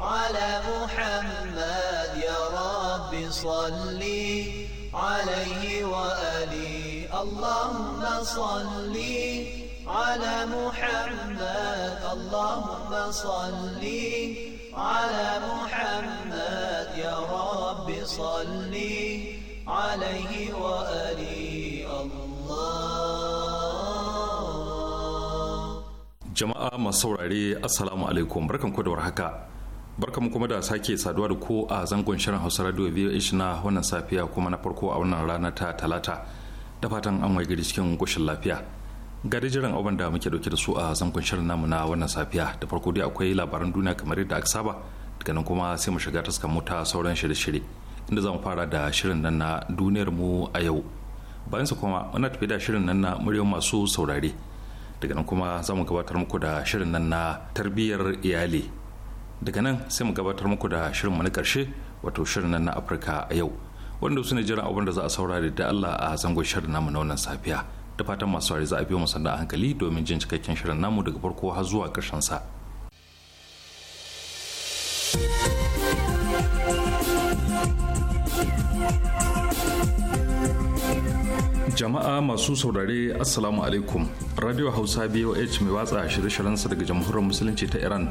على محمد يا رب صلي عليه وآله اللهم صلي على محمد اللهم صلي على محمد يا رب صلي عليه وآله jama'a masu saurare assalamu alaikum barkan ku da warhaka barka mu kuma da sake saduwa da ko a zangon shirin hausa radio voh na wannan safiya kuma na farko a wannan rana ta talata da fatan an wai gari cikin ƙoshin lafiya ga jiran abin da muke dauke da su a zangon shirin namu na wannan safiya da farko dai akwai labaran duniya kamar yadda aka saba daga nan kuma sai mu shiga taskar mota sauran shirye-shirye inda zamu fara da shirin nan na duniyar mu a yau bayan su kuma muna tafi da shirin nan na muryar masu saurare daga nan kuma za mu gabatar muku da shirin nan na tarbiyyar iyali daga nan sai mu gabatar muku da shirinmu na karshe wato shirin nan na afirka a yau wanda su ne jiran abin da za a saurari da allah a zangon shirin namu na wannan safiya da fatan masu za a biyo mu sanda a hankali domin jin cikakken shirin namu daga farko har zuwa karshen sa jama'a masu saurare assalamu alaikum radio hausa boh mai watsa shirye-shiryensa daga jamhuriyar musulunci ta iran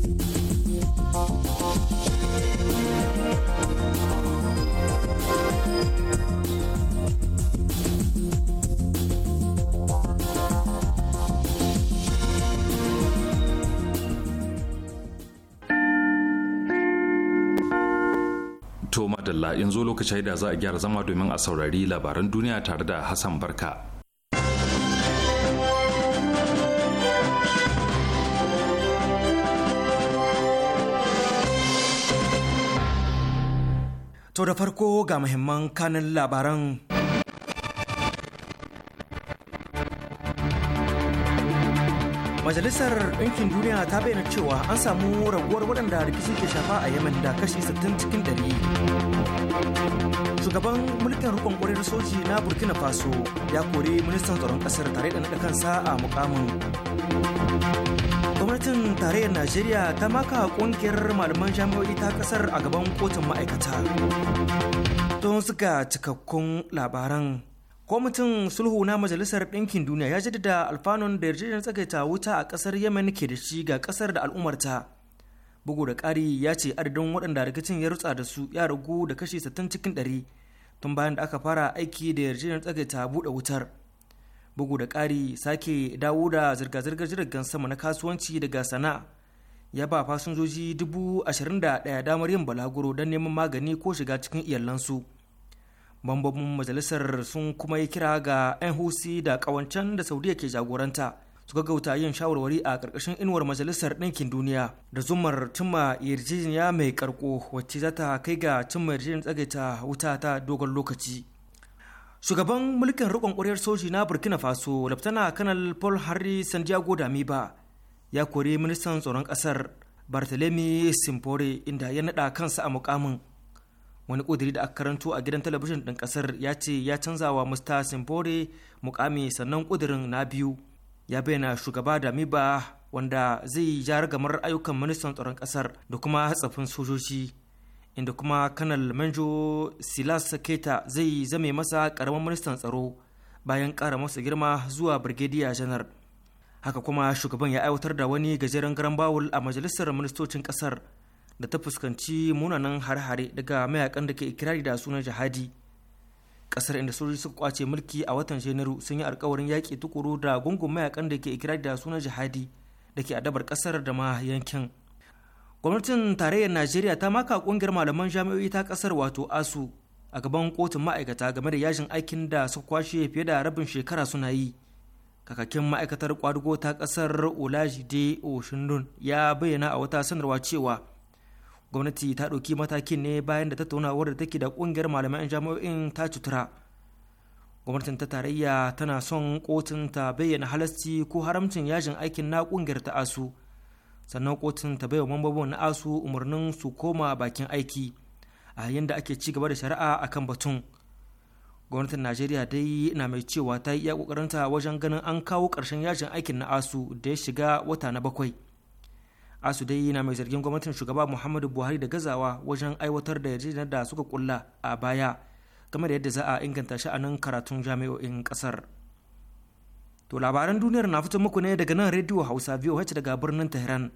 in zo lokacin da za a gyara zama domin a saurari labaran duniya tare da Hassan Barka. To da farko ga muhimman kanin labaran majalisar ɗinkin duniya ta bayyana cewa an samu raguwar waɗanda rikicin ke shafa a yemen da kashi 60 cikin 100 shugaban mulkin rukun ƙwarar soji na burkina faso ya kori ministan tsaron ƙasar tare da naɗa kansa a mukamin gwamnatin tarayyar najeriya ta maka ƙungiyar malaman jami'o'i ta ƙasar a gaban kotun ma'aikata don suka cikakkun labaran kwamitin sulhu na majalisar ɗinkin duniya ya jaddada alfanun da yarjejeniyar tsakaita wuta a ƙasar yemen ke da shi ga ƙasar da al'ummarta bugu da ƙari ya ce adadin waɗanda rikicin ya rutsa da su ya ragu da kashi 60 cikin 100 tun bayan da aka fara aiki da yarjejeniyar tsakaita buɗe wutar bugu da ƙari sake dawo da zirga-zirgar jiragen sama na kasuwanci daga sana'a ya ba fasinjoji dubu ashirin da ɗaya damar yin balaguro don neman magani ko shiga cikin iyalansu. mambobin majalisar sun kuma yi kira ga 'yan husi da ƙawancen da saudiya ke jagoranta su gaggauta yin shawarwari a ƙarƙashin inuwar majalisar ɗinkin duniya da zumar cimma yarjejeniya mai karko wacce za ta kai ga cimma yarjejeniyar tsagaita wuta ta dogon lokaci shugaban mulkin riƙon ƙwaryar soji na burkina faso laftana kanal paul harry santiago damiba ya kori ministan tsaron ƙasar bartolome simpore inda ya naɗa kansa a mukamin wani kudiri da aka karanto a gidan talabijin ɗin ƙasar ya ce ya canza wa musta simbore mukami sannan kudirin na biyu ya bayyana shugaba da miba wanda zai ja ragamar ayyukan ministan tsaron ƙasar da kuma hatsafin sojoji inda kuma kanal manjo silas keta zai zame masa ƙaramin ministan tsaro bayan ƙara masa girma zuwa birgediya janar haka kuma shugaban ya aiwatar da wani gajeren garan bawul a majalisar ministocin ƙasar da ta fuskanci munanan har hare daga mayakan da ke ikirari da sunan jihadi kasar inda sojoji suka kwace mulki a watan janairu sun yi alkawarin yaƙi tukuru da gungun mayakan da ke ikirari da sunan jihadi da ke adabar kasar da ma yankin gwamnatin tarayyar najeriya ta maka kungiyar malaman jami'o'i ta kasar wato asu a gaban kotun ma'aikata game da yajin aikin da suka kwashe fiye da rabin shekara suna yi kakakin ma'aikatar kwadugo ta kasar olajide oshindun ya bayyana a wata sanarwa cewa gwamnati ta ɗauki matakin ne bayan da tattaunawar da take da ƙungiyar malaman jami'o'in ta cutura gwamnatin ta tarayya tana son kotun ta bayyana halasci ko haramcin yajin aikin na ƙungiyar ta asu sannan kotun ta baiwa mambobin na asu umarnin su koma bakin aiki a yayin da ake ci gaba da shari'a kan batun gwamnatin najeriya dai na mai cewa ta yi iya kokarinta wajen ganin an kawo ƙarshen yajin aikin na asu da ya shiga wata na bakwai asu dai na mai zargin gwamnatin shugaba muhammadu buhari da gazawa wajen aiwatar da yarjejeniyar da suka kulla a baya game da yadda za a inganta sha'anin karatun jami'o'in kasar to labaran duniyar na fito muku ne daga nan rediyo hausa voh daga birnin tehran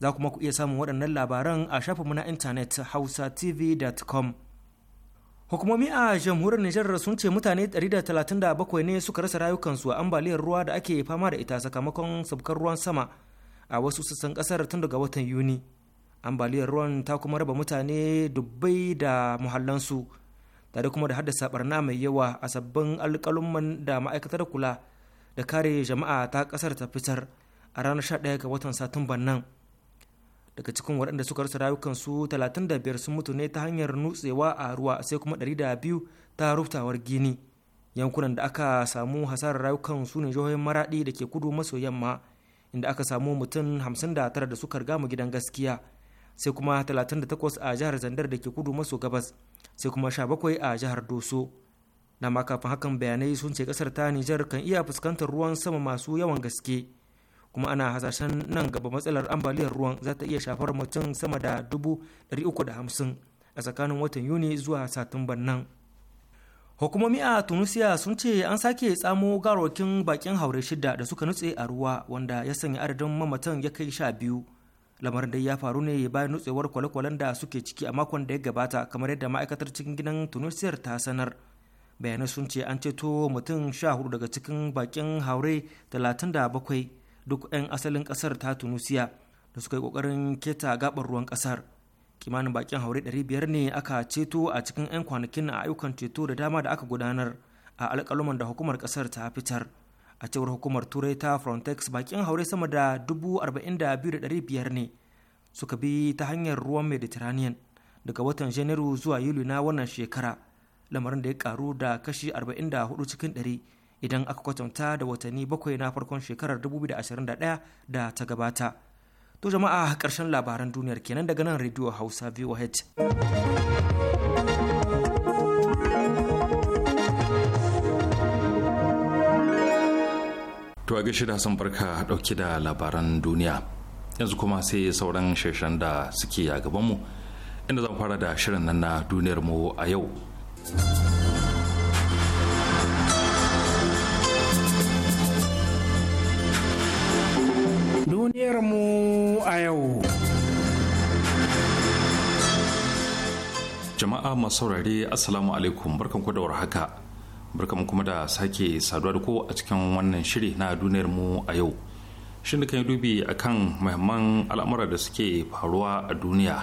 za kuma ku iya samun waɗannan labaran a shafinmu na intanet hausa hausatv.com hukumomi a jamhuriyar nijar sun ce mutane 137 ne suka rasa rayukansu a ambaliyar ruwa da ake fama da ita sakamakon sabkar ruwan sama a wasu sassan kasar tun daga watan yuni ambaliyar ruwan ta kuma raba mutane dubbai da muhallansu tare kuma da haddasa barna mai yawa a sabbin alkaluman da ma'aikatar kula da kare jama'a ta kasar ta fitar a ranar 11 ga watan satumban nan daga cikin waɗanda suka rasa rayukansu biyar sun mutu ne ta hanyar nutsewa a ruwa sai kuma biyu ta ruftawar gini yankunan da aka samu hasarar rayukan su ne jihohin maraɗi da ke kudu maso yamma inda aka samu mutum 59 da suka riga mu gidan gaskiya sai kuma takwas a jihar zandar da ke kudu maso gabas sai kuma bakwai a jihar doso na makafin hakan bayanai sun ce kasar ta nijar kan iya fuskantar ruwan sama masu yawan gaske kuma ana hasashen nan gaba matsalar ambaliyar ruwan za ta iya shafar mutum sama da 350 a tsakanin watan yuni zuwa satumban nan hukumomi a tunisia sun ce an sake tsamo garokin bakin haure shida da suka nutse a ruwa wanda ya sanya adadin mamatan ya kai sha biyu lamarin dai ya faru ne bayan nutsewar kwale-kwalen da suke ciki a makon da ya gabata kamar yadda ma'aikatar cikin gidan tunisiyar ta sanar bayanai sun ce an ceto mutum sha hudu daga cikin bakin haure talatin da bakwai duk 'yan asalin kasar ta tunisia da suka yi kokarin keta gabar ruwan kasar kimanin bakin haure 500 ne aka ceto a cikin 'yan kwanakin a ayyukan ceto da dama da aka gudanar a alkaloman da hukumar kasar ta fitar a cewar hukumar turai ta frontex bakin haure sama da 42,500 ne suka bi ta hanyar ruwan mediterranean daga watan janairu zuwa yuli na wannan shekara lamarin da ya karu da kashi 44 cikin 100 idan aka kwatanta da watanni bakwai na farkon shekarar 2021 da ta gabata To jama'a ƙarshen labaran duniyar kenan daga nan rediyo Hausa VOH. To a gaishe da Hassan Barka ɗauke da labaran duniya. Yanzu kuma sai sauran sheshen da suke a gabanmu inda zan fara da shirin nan na duniyar mu a yau. mu a yau. Jama'a masu saurare Assalamu alaikum barkan da warhaka. Barkan kuma da sake saduwa da ko a cikin wannan shiri na duniyar mu a yau. Shin da kan yi dubi akan muhimman al'amura da suke faruwa a duniya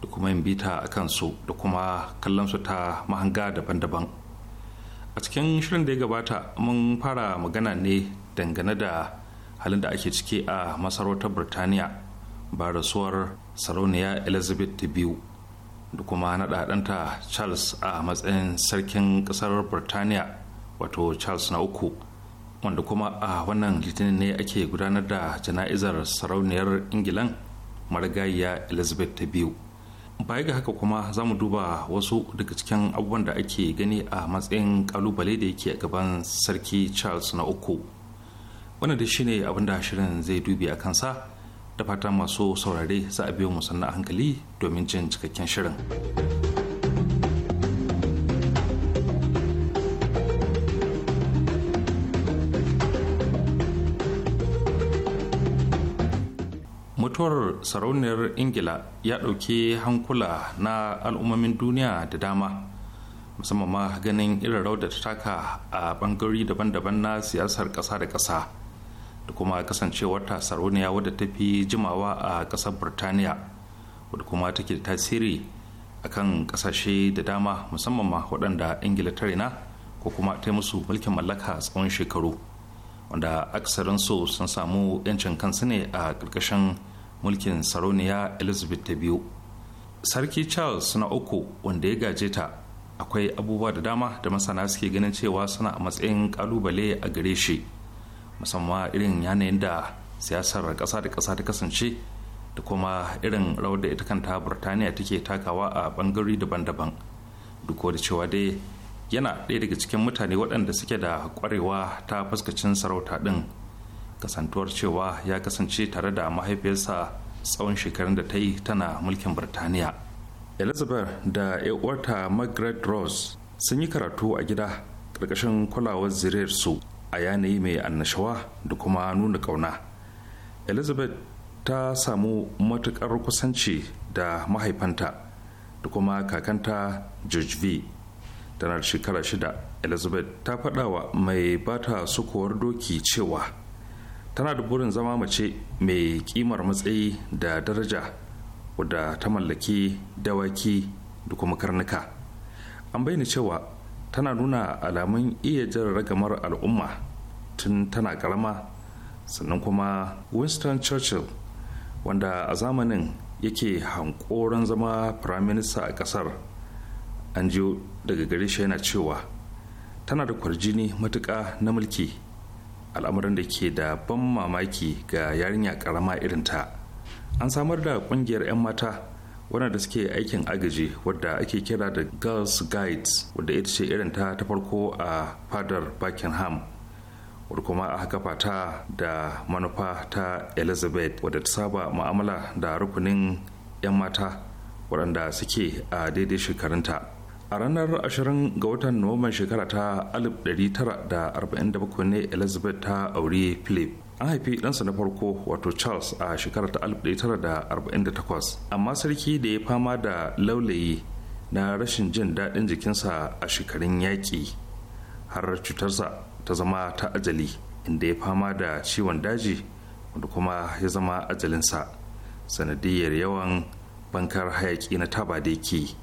da kuma yin bita a su. da kuma kallon su ta mahanga daban-daban. A cikin shirin da ya gabata mun fara magana ne dangane da halin da ake ciki a masarautar birtaniya ba rasuwar sarauniya elizabeth ii biyu da kuma naɗa ɗanta charles a matsayin sarkin ƙasar birtaniya wato charles na uku wanda kuma a wannan litinin ne ake gudanar da jana'izar sarauniyar ingilan marigayiya elizabeth ta biyu baya ga haka kuma za mu duba wasu daga cikin abubuwan da ake gani a matsayin kalubale da yake a gaban sarki charles na uku wannan da shine abin da shirin zai dubi a kansa da fata masu saurare za a biyo musanna hankali domin jin cikakken shirin mutuwar sarauniyar ingila ya ɗauki hankula na al'ummomin duniya da dama musamman ma ganin irin rawar da ta taka a ɓangarori daban-daban na siyasar ƙasa da ƙasa da kuma kasancewar ta sarauniya wadda ta fi jimawa a ƙasar burtaniya wadda kuma take tasiri a kan ƙasashe da dama musamman ma waɗanda ingila ta rena ko kuma ta musu mulkin mallaka tsawon shekaru wanda aksarin su sun samu 'yancin kansu ne a ƙarƙashin mulkin sarauniya elizabeth ta biyu sarki charles na uku wanda ya gaje ta akwai abubuwa da dama da masana suke ganin cewa suna a matsayin ƙalubale a gare shi musamman irin yanayin da siyasar ƙasa da ƙasa ta kasance da kuma irin rawar da ita kanta burtaniya take takawa a bangare daban-daban duk da cewa dai yana ɗaya daga cikin mutane waɗanda suke da ƙwarewa ta fuskacin sarauta ɗin kasantuwar cewa ya kasance tare da mahaifiyarsa tsawon shekarun da ta yi tana mulkin burtaniya elizabeth da uwarta margaret rose sun yi karatu a gida ƙarƙashin kulawar zuriyarsu a yanayi mai annashawa da kuma nuna ƙauna elizabeth ta samu matuƙar kusanci da mahaifanta da kuma kakanta george v tana da shekara shida elizabeth ta faɗawa mai bata sukuwar doki cewa tana da burin zama mace mai ƙimar matsayi da daraja wadda ta mallaki dawaki da kuma karnuka an bayyana cewa tana nuna alamun iya jin ragamar al'umma tun tana karama sannan kuma winston churchill wanda a zamanin yake hankoron zama firaminista a kasar an jiyo daga gare shi yana cewa tana da kwarjini matuƙa na mulki al'amuran da ke da ban mamaki ga yarinya karama irinta an samar da ƙungiyar 'yan mata waɗanda suke aikin agaji wadda ake kira da girls guides wadda ita ce irin ta ta farko a fadar buckingham wadda kuma a kafa ta da manufa ta elizabeth wadda ta saba ma'amala da rukunin 'yan mata waɗanda suke a daidai shekarunta a ranar 20 ga watan nuwamban shekara ta 1947 ne elizabeth ta aure philip an haifi ɗansa na farko wato charles a shekarar ta 1948 amma sarki da ya fama da laulayi na rashin jin daɗin jikinsa a shekarun yaƙi har cutarsa ta zama ta ajali inda ya fama da ciwon daji wanda kuma ya zama ajalinsa sanadiyar yawan bankar hayaƙi na taba da yake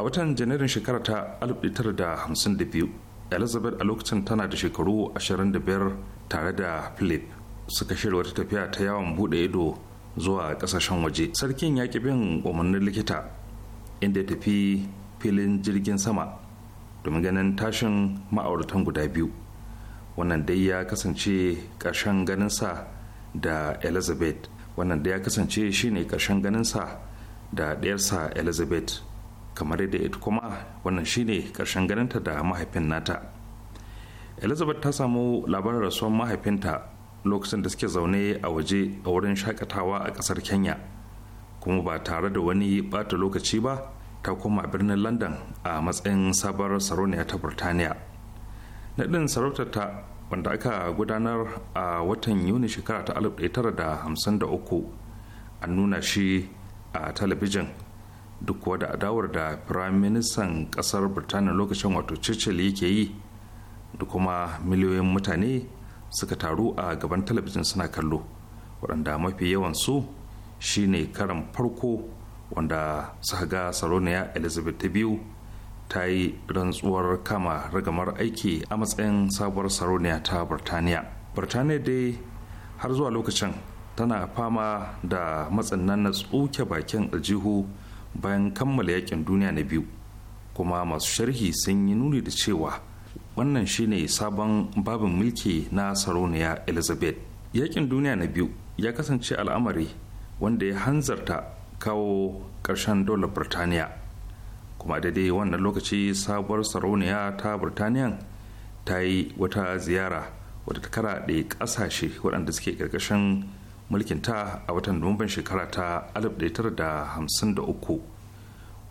a watan janairun shekarar ta 1952 elizabeth a lokacin tana da shekaru 25 tare da philip suka shirya wata tafiya ta yawon bude ido zuwa kasashen waje sarkin ya ki bin umarnin likita inda ya tafi filin jirgin sama domin ganin tashin ma'auratan guda biyu wannan dai ya kasance ƙarshen ganinsa da elizabeth wannan dai ya kasance shine ƙarshen ganinsa da ɗayarsa elizabeth kamar yadda ita kuma wannan shine ƙarshen ganinta da mahaifin nata elizabeth ta samu labarin rasuwar mahaifinta lokacin da suke zaune a waje a wurin shakatawa a kasar kenya kuma ba tare da wani bata lokaci ba ta koma birnin london a matsayin sabar sarauniya ta burtaniya naɗin sarautarta wanda aka gudanar a watan yuni shekara ta 1953 an nuna shi a talabijin duk da adawar da firaministan ƙasar birtaniya lokacin wato churchill yake yi da kuma miliyoyin mutane suka taru a gaban talabijin suna kallo waɗanda mafi yawansu shine karan farko wanda suka ga saroniya elizabeth ta biyu ta yi rantsuwar kama ragamar aiki a matsayin sabuwar saroniya ta Birtaniya. Birtaniya dai har zuwa lokacin tana fama da matsin nan na tsuke bakin aljihu bayan kammala yakin duniya na biyu kuma masu sharhi sun yi nuni da cewa wannan shine sabon babin mulki na sarauniya elizabeth yakin duniya na biyu ya kasance al'amari wanda ya hanzarta kawo ƙarshen dola birtaniya kuma daidai wannan lokaci sabuwar sarauniya ta birtaniya ta yi wata ziyara wadda ta karaɗe ƙasashe waɗanda suke ƙarƙashin mulkinta a watan nuwamban shekara ta 1953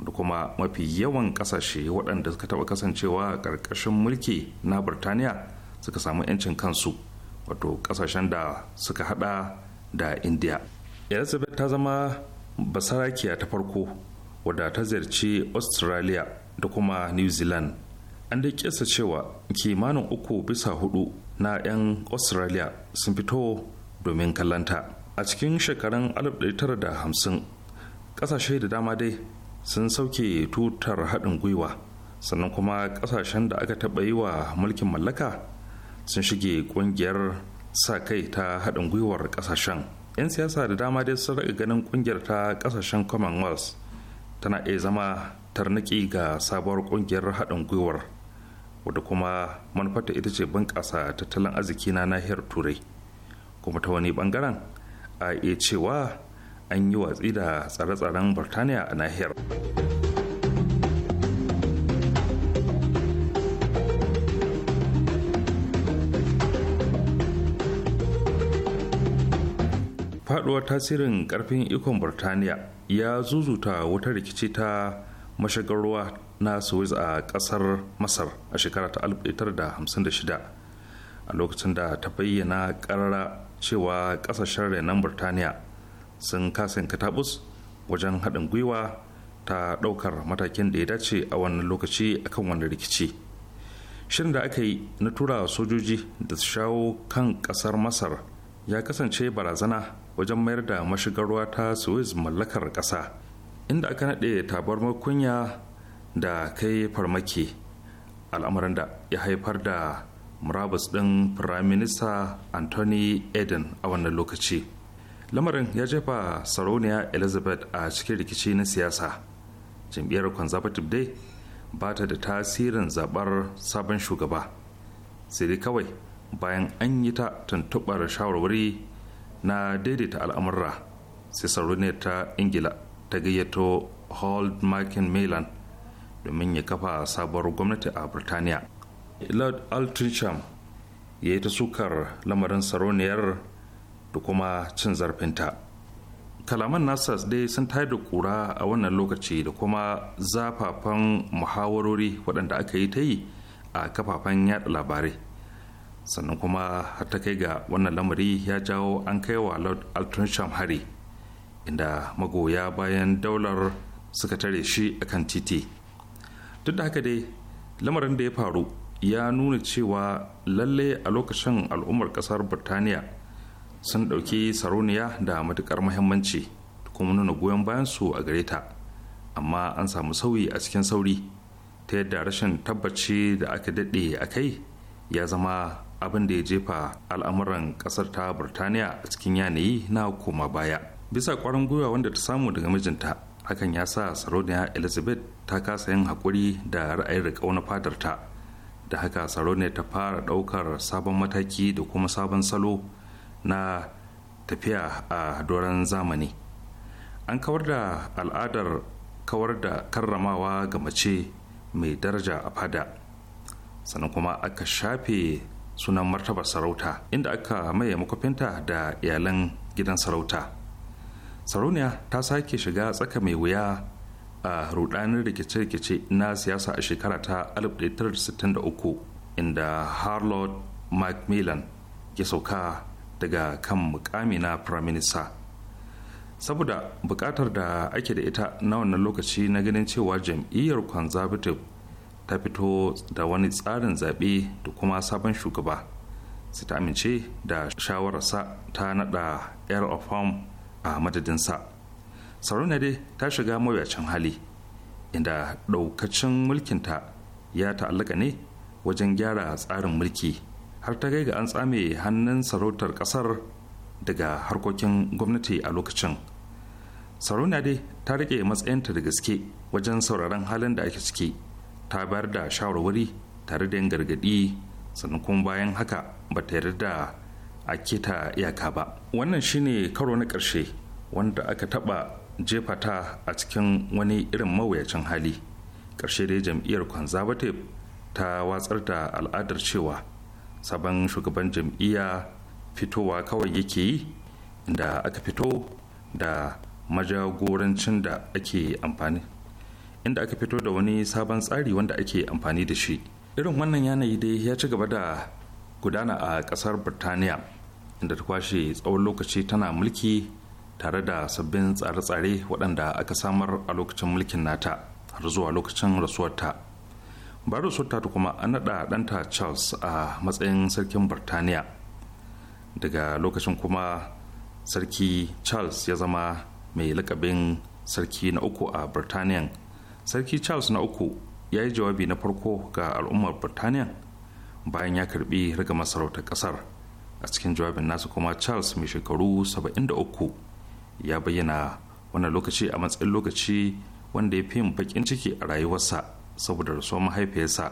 da kuma mafi yawan kasashe waɗanda suka taɓa kasancewa ƙarƙashin mulki na burtaniya suka samu 'yancin kansu wato ƙasashen da suka haɗa da india elizabeth ta zama basarakiya ta farko wadda ta ziyarci australia da kuma new zealand an dai kesa cewa kimanin uku bisa hudu na 'yan australia sun fito domin kallanta a cikin shekarun 1950 ƙasashe da dama dai sun sauke tutar haɗin gwiwa sannan kuma ƙasashen da aka taɓa yi wa mulkin mallaka sun shige ƙungiyar sa kai ta haɗin gwiwar ƙasashen 'yan siyasa da dama dai sun raga ganin ƙungiyar ta ƙasashen commonwealth tana iya zama tarniki ga sabuwar ƙungiyar haɗin gwiwar wadda kuma manufarta ita ce bunƙasa tattalin arziki na nahiyar turai kuma ta wani ɓangaren a iya cewa an yi watsi da tsare-tsaren birtaniya a nahiyar faduwar tasirin karfin ikon birtaniya ya zuzuta wata rikici ta mashigar ruwa na suez a kasar masar a shekara ta 1956 a lokacin da ta bayyana karara cewa kasashen renon birtaniya. sun kasan katabus wajen haɗin gwiwa ta ɗaukar matakin da ya dace a wannan lokaci akan wani rikici shirin da aka yi na tura sojoji da su shawo kan ƙasar masar ya kasance barazana wajen mayar da mashigar ruwa ta suez mallakar ƙasa inda aka naɗe tabar makunya da kai farmaki al'amarin da ya haifar da murabus ɗin firaminista anthony eden a wannan lokaci lamarin ya jefa sarauniya elizabeth a cikin rikici na siyasa jam'iyyar conservative day ba ta da tasirin zabar sabon shugaba sai dai kawai bayan an yi ta tuntubar shawarwari na daidaita al'amurra sai sarauniya ta ingila ta gayyato hold makin milan domin ya kafa sabuwar gwamnati a birtaniya lord altrincham ya yi ta sukar lamarin sarauniyar da kuma cin zarafinta kalaman nasa dai sun tayar da kura a wannan lokaci da kuma zafafan muhawarori waɗanda aka yi ta yi a kafafen yaɗa labarai sannan kuma har ta kai ga wannan lamari ya jawo an kai wa lord altonsham hari inda magoya bayan daular suka tare shi a kan titi duk da haka dai lamarin da ya faru ya nuna cewa lalle a lokacin al'ummar ƙasar birtaniya sun ɗauki saroniya da matukar muhimmanci kuma nuna goyon bayansu a gare ta amma an samu sauyi a cikin sauri ta yadda rashin tabbaci da aka daɗe a kai ya zama abin da ya jefa al'amuran ƙasar ta burtaniya a cikin yanayi na koma baya bisa ƙwarin gwiwa wanda ta samu daga mijinta hakan ya sa sarauniya elizabeth ta kasa yin haƙuri da ra'ayin da ƙauna fadarta da haka sarauniya ta fara ɗaukar sabon mataki da kuma sabon salo na tafiya a doron zamani an kawar da al'adar kawar da karramawa ga mace mai daraja a fada sannan kuma aka shafe sunan martabar sarauta inda aka maye makwafinta da iyalan gidan sarauta sarauniya ta sake shiga tsaka mai wuya a rudanin rikice-rikice na siyasa a shekara ta 1963 inda harlot macmillan ya sauka daga kan mukami na firaminista saboda bukatar da ake da ita na wannan lokaci na ganin cewa jam'iyyar conservative ta fito da wani tsarin zaɓe da kuma sabon shugaba su ta amince da shawararsa ta naɗa air of home a madadinsa sarauna dai ta shiga mawuyacin hali inda ɗaukacin mulkinta ya ta'allaka ne wajen gyara tsarin mulki har ta ga an tsame hannun sarautar kasar daga harkokin gwamnati a lokacin sarauniya dai ta rike matsayinta da gaske wajen sauraron halin da ake ciki ta bayar da shawarwari tare da yin gargadi sannan kuma bayan haka ba ta yarda a keta iyaka ba wannan shine karo na ƙarshe wanda aka taɓa jefa ta a cikin wani irin mawuyacin hali ƙarshe dai jam'iyyar conservative ta watsar da al'adar cewa sabon shugaban jam'iyya fitowa kawai yake yi inda aka fito da majagorancin da ake amfani inda aka fito da wani sabon tsari wanda ake amfani da shi irin wannan yanayi dai ya ci gaba da gudana a kasar birtaniya inda ta kwashe tsawon lokaci tana mulki tare da sabbin tsare-tsare waɗanda aka samar a lokacin mulkin nata har zuwa lokacin rasuwarta baro sulta kuma an naɗa ɗanta charles a matsayin sarkin birtaniya daga lokacin kuma sarki charles ya zama mai lakabin sarki na uku a birtaniya sarki charles na uku ya yi jawabi na farko ga al'ummar birtaniya bayan ya karbi riga masarautar kasar a cikin jawabin nasa kuma charles mai shekaru 73 ya bayyana wannan lokaci a matsayin lokaci wanda ya fi yin bakin ciki a rayuwarsa saboda rasuwar mahaifiyarsa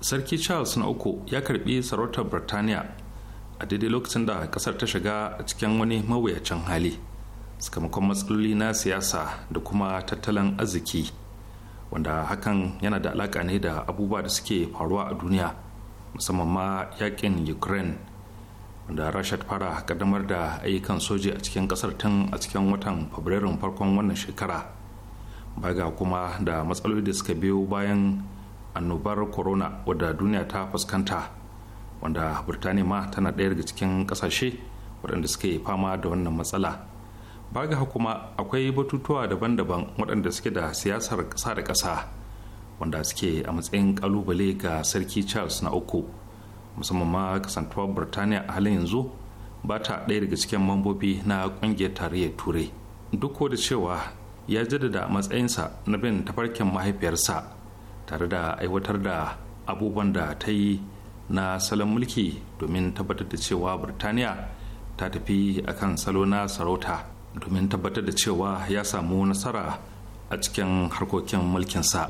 sarki charles na uku ya karbi sarautar birtaniya a daidai lokacin da kasar ta shiga a cikin wani mawuyacin hali sakamakon matsaloli na siyasa da kuma tattalin arziki wanda hakan yana da alaka ne da abubuwa da suke faruwa a duniya musamman ma yakin ukraine wanda rasha ta fara kaddamar da ayyukan soji a cikin kasar tun a cikin watan fabrairun farkon wannan shekara baga kuma da matsaloli da suka biyo bayan annobar corona wadda duniya ta fuskanta wanda birtaniya ma tana ɗaya daga cikin ƙasashe waɗanda suke fama da wannan matsala baga kuma akwai batutuwa daban-daban waɗanda suke da siyasar ƙasa da ƙasa wanda suke a matsayin ƙalubale ga sarki charles na uku musamman ma kasantuwar birtaniya a halin yanzu ba ta ɗaya daga cikin mambobi na ƙungiyar tarayyar turai duk da cewa ya jaddada matsayinsa na bin tafarkin mahaifiyarsa tare da aiwatar da abubuwan da ta yi na salon mulki domin tabbatar da cewa birtaniya ta tafi akan salo na sarauta domin tabbatar da cewa ya samu nasara a cikin harkokin mulkinsa.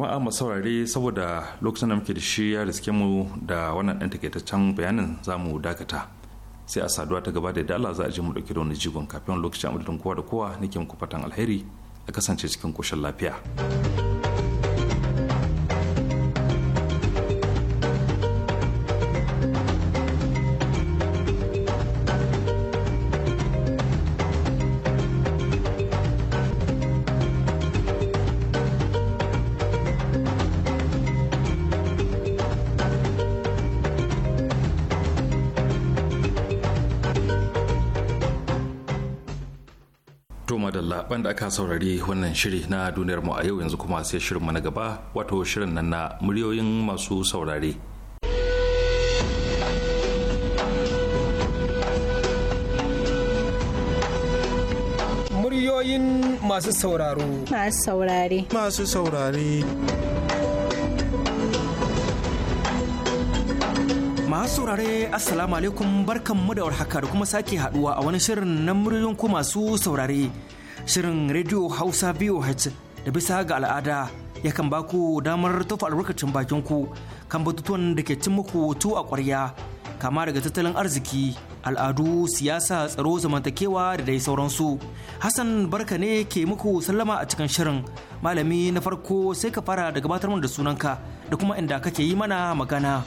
jama'a masu saurare saboda lokacin da muke da shi ya riske mu da wannan ɗan takaitaccen bayanin za mu dakata sai a saduwa ta gaba da dala za a je mu ɗauki da wani jigon kafin lokacin amadadin kowa da kowa nake muku fatan alheri a kasance cikin koshin lafiya. da aka saurari wannan shiri na duniyar mu a yau yanzu kuma sai shirin mu na gaba wato shirin nan na muryoyin masu saurare muryoyin masu sauraro masu saurare masu saurare masu saurare assalamu alaikum barkan mu da warhaka da kuma sake haduwa a wani shirin na muryoyin ku masu saurare shirin rediyo hausa voh da bisa ga al'ada yakan baku damar tofa albarkacin bakin ku kan batutuwan da ke cin muku tu a ƙwarya kama daga tattalin arziki al'adu siyasa tsaro zamantakewa da dai sauransu hassan barka ne ke muku sallama a cikin shirin malami na farko sai ka fara da gabatar da sunanka da kuma inda kake yi mana magana.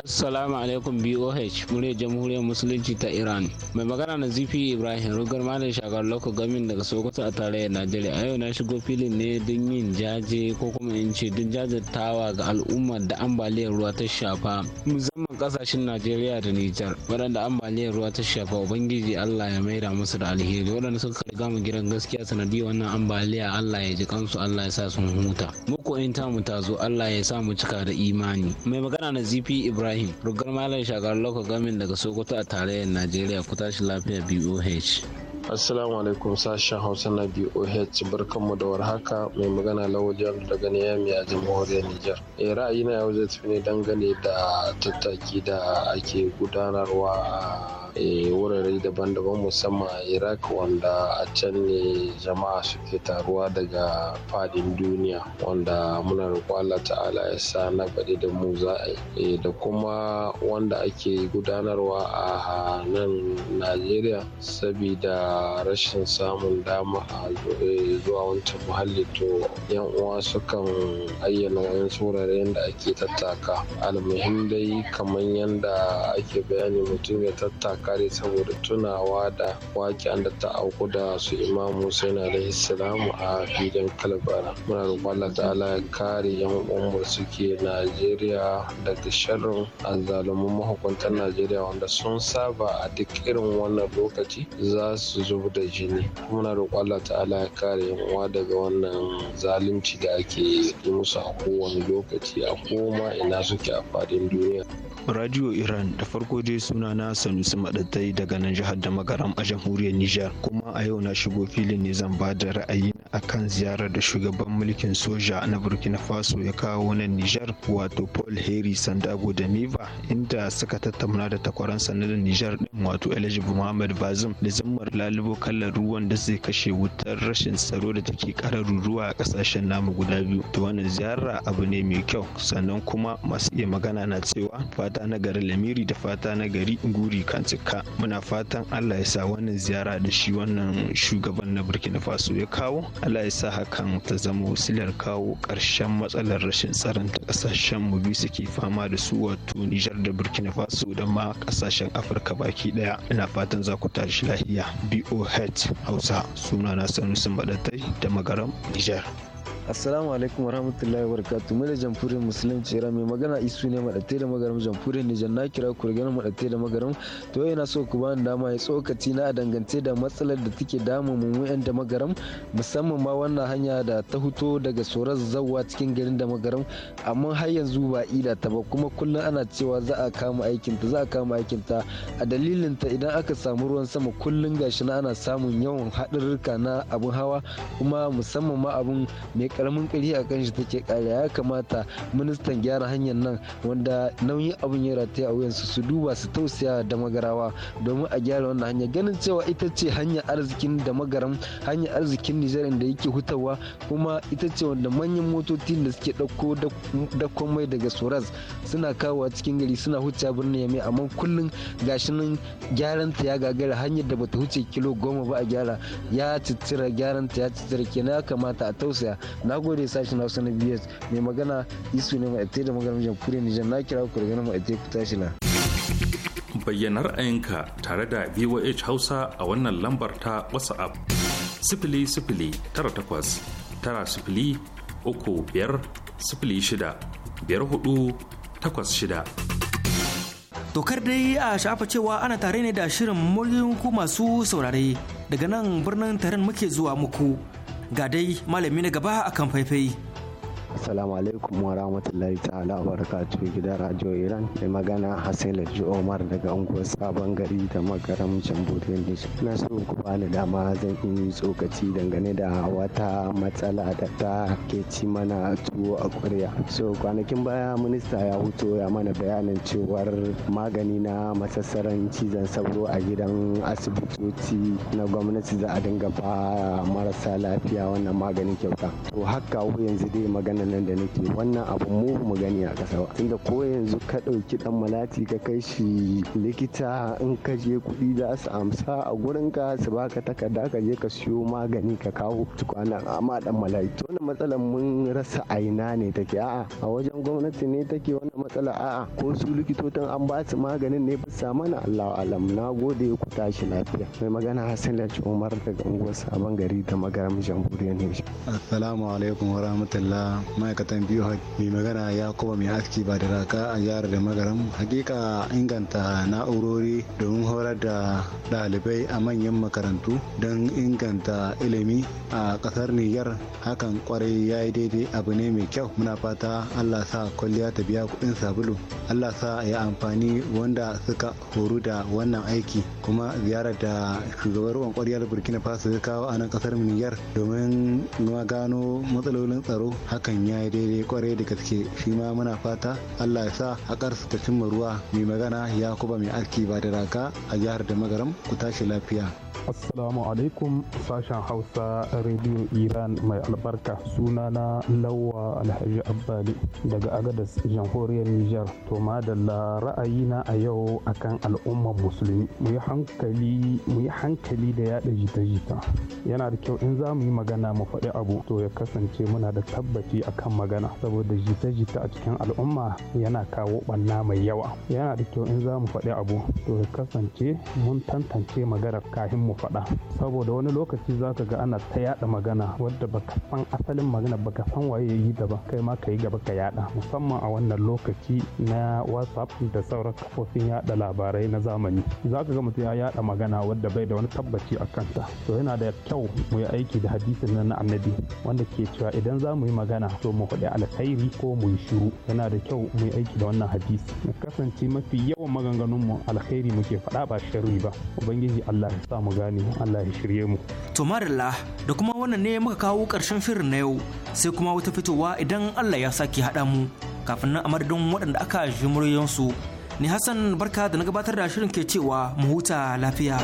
Assalamu alaikum BOH murya jamhuriyar musulunci ta Iran. Mai magana na Zifi Ibrahim Rugar Malam Shagar Loko Gamin daga Sokoto a tarayyar Najeriya. A yau na shigo filin ne don yin jaje ko kuma in ce don jajirtawa ga al'ummar da ambaliyar ruwa ta shafa musamman kasashen Najeriya da Nijar. Waɗanda ambaliyar ruwa ta shafa Ubangiji Allah ya maida musu da alheri. Waɗanda suka riga mu gidan gaskiya sanadiyar wannan ambaliya Allah ya ji kansu Allah ya sa sun huta. Muku in ta zo Allah ya sa mu cika da imani. Mai magana na Zifi Ibrahim Ibrahim rugar malam shagar local gamin daga Sokoto a tarayyar Najeriya ku tashi lafiya BOH. Assalamu alaikum sashen Hausa na BOH barkanmu da warhaka mai magana Lawal daga Niyami a jamhuriyar Nijar. Eh, ra'ayi na yau zai tafi ne dangane da tattaki da ake gudanarwa Eh, wurare daban-daban musamman a iraq wanda a can ne jama'a suke taruwa daga fadin duniya wanda muna roƙo allah ta'ala ya sa na baɗi da mu za a yi eh, da kuma wanda ake gudanarwa a nan najeriya sabida rashin samun dama a eh, zuwa wancan muhalli to yan uwa sukan ayyana wani wuraren da ake tattaka almuhim dai kamar yadda ake bayani mutum ya tattaka kare saboda tunawa da waƙen da ta auku da su imam hussein alaihi salamu a filin kalbara muna roƙon allah ta'ala ya kare yan uwanmu suke najeriya daga sharrin azzalumin mahukuntan najeriya wanda sun saba a duk irin wannan lokaci za su zub da jini muna roƙon allah ta'ala ya kare yan uwa daga wannan zalunci da ake yi musu a kowane lokaci a koma ina suke a faɗin duniya Radio Iran da farko dai suna na Sanusi Madattai daga nan jihar da magaram a jamhuriyar Nijar kuma a yau na shigo filin ne zan ba da ra'ayi akan ziyarar da shugaban mulkin soja na Burkina Faso ya kawo nan Nijar wato Paul Heri Sandago da Miva inda suka tattauna da takwaran sanadin Nijar din wato Elijah Muhammad Bazum da zammar lalubo kallon ruwan da zai kashe wutar rashin tsaro da take karar ruwa a kasashen namu guda biyu. To wannan ziyara abu ne mai kyau sannan kuma masu iya magana na cewa fata na gari lamiri da fata na gari guri kan cika muna fatan allah ya sa wannan ziyara da shi wannan shugaban na burkina faso ya kawo allah ya sa hakan ta zama wasilar kawo karshen matsalar rashin tsaron ta ƙasashen mu biyu suke fama da su wato nijar da burkina faso da ma kasashen afirka baki ɗaya ina fatan za ku tashi lahiya boh hausa suna na sanusi maɗatai da magaram nijar assalamu alaikum warahmatullahi wabarakatuh mai da jamhuriyar musulunci ran mai magana isu ne madatai da magaram jamhuriyar nijar na kira ku ganin madatai da magaram to yana so ku bani dama ya tsokaci na a dangance da matsalar da take damun mu yan da magaram musamman ma wannan hanya da ta huto daga sorar zawwa cikin garin da magaram amma har yanzu ba ida ta ba kuma kullum ana cewa za a kama aikin ta za a kama aikin ta a dalilin ta idan aka samu ruwan sama kullum gashi na ana samun yawan haɗarurruka na abun hawa kuma musamman ma abun mai karamin kari a kan shi take kare ya kamata ministan gyara hanyar nan wanda nauyin abin ya rataya a wuyansu su duba su tausaya da magarawa domin a gyara wannan hanya ganin cewa ita ce hanyar arzikin da magaram hanyar arzikin nijar da yake hutawa kuma ita ce wanda manyan motoci da suke dauko da mai daga soras suna kawowa cikin gari suna huce birnin mai amma kullum gashi nan gyaran ta ya gagara hanyar da bata huce kilo goma ba a gyara ya cicira gyaran ta ya cicira kenan ya kamata a tausaya na gode sashen hausa na bs mai magana isu ne ma'aite da maganar jamhuriyar nijar na kira ku daga ma'aite ku tashi na bayyana ra'ayinka tare da voh hausa a wannan lambar ta whatsapp sifili sifili tara takwas tara sifili uku biyar sifili shida biyar hudu takwas shida Dokar dai a shafa cewa ana tare ne da shirin muryin masu saurare daga nan birnin taron muke zuwa muku ga dai malami na gaba akan faifai. Assalamu alaikum wa rahmatullahi ta'ala wa barakatuhu gidan Radio Iran mai magana Hassan Laji Omar daga unguwar Sabon Gari da Makaram Jamhuriyar Nijar. Ina so ku bani dama zan yi tsokaci dangane da wata matsala da ta ke ci mana tuwo a ƙwarya. So kwanakin baya minista ya huto ya mana bayanin cewar magani na masassaran cizon sauro a gidan asibitoci na gwamnati za a dinga ba marasa lafiya wannan maganin kyauta. To haka yanzu dai magana maganan nan da nake wannan abu mu mu gani a ƙasa ba tunda ko yanzu ka ɗauki ɗan malati ka kai shi likita in ka je kuɗi za su amsa a gurin ka su baka takarda ka je ka siyo magani ka kawo tukwana amma ɗan malati to wannan matsalar mun rasa aina ne take a'a a wajen gwamnati ne take wannan matsala a'a ko su likitocin an ba su maganin ne bisa mana Allah alam na gode ku tashi lafiya mai magana Hassan Lachi Umar daga unguwar Sabon Gari da Magaram Jamhuriyar Nijar assalamu alaikum wa rahmatullah ma'aikatan biyu mai magana ya kuma mai haske ba da raka a jihar da magaram hakika inganta na'urori domin horar da ɗalibai a manyan makarantu don inganta ilimi a ƙasar niger hakan kwarai ya yi daidai abu ne mai kyau muna fata allah sa kwalliya ta biya kuɗin sabulu allah sa ya amfani wanda suka horu da wannan aiki kuma ziyarar da shugabar kwankwar burkina faso ya kawo a nan ƙasar niger domin gano matsalolin tsaro hakan ya yi daidai kwarai da gaske shi ma muna fata allah ya sa haƙar su ta cimma ruwa mai magana ya kuba mai arki ba da raka a jihar da magaram ku tashi lafiya Assalamu alaikum sashen Hausa Radio Iran mai albarka sunana Lawa Alhaji Abbali daga Agadas jamhuriyar Nijar. To madalla ra'ayina a yau akan al'ummar musulmi. Mu yi hankali da yaɗa jita-jita. Yana da kyau in za mu yi magana mu faɗi abu to ya kasance muna da tabbaci akan magana saboda jita-jita a cikin al'umma yana kawo ɓanna mai yawa. Yana da kyau in za mu faɗi abu to ya kasance mun tantance magana kahin mu mu faɗa saboda wani lokaci za ka ga ana ta yada magana wadda baka san asalin magana baka san waye ya da ba kai ma ka yi gaba ka yada musamman a wannan lokaci na whatsapp da sauran kafofin yada labarai na zamani za ka ga mutum ya yada magana wadda bai da wani tabbaci a kanta to yana da kyau mu yi aiki da hadisin nan na annabi wanda ke cewa idan za mu yi magana to mu faɗi alkhairi ko mu yi shiru yana da kyau mu yi aiki da wannan hadisi mu kasance mafi yawan maganganun mu alkhairi muke faɗa ba sharri ba ubangiji Allah ya sa mu ga gane Allah ya shirye mu to marilla da kuma wannan ne muka kawo ƙarshen shirin na yau sai kuma wata fitowa idan Allah ya sake haɗa mu kafin nan a madadin waɗanda aka ji muryoyinsu ni Hassan barka da na gabatar da shirin ke cewa mu huta lafiya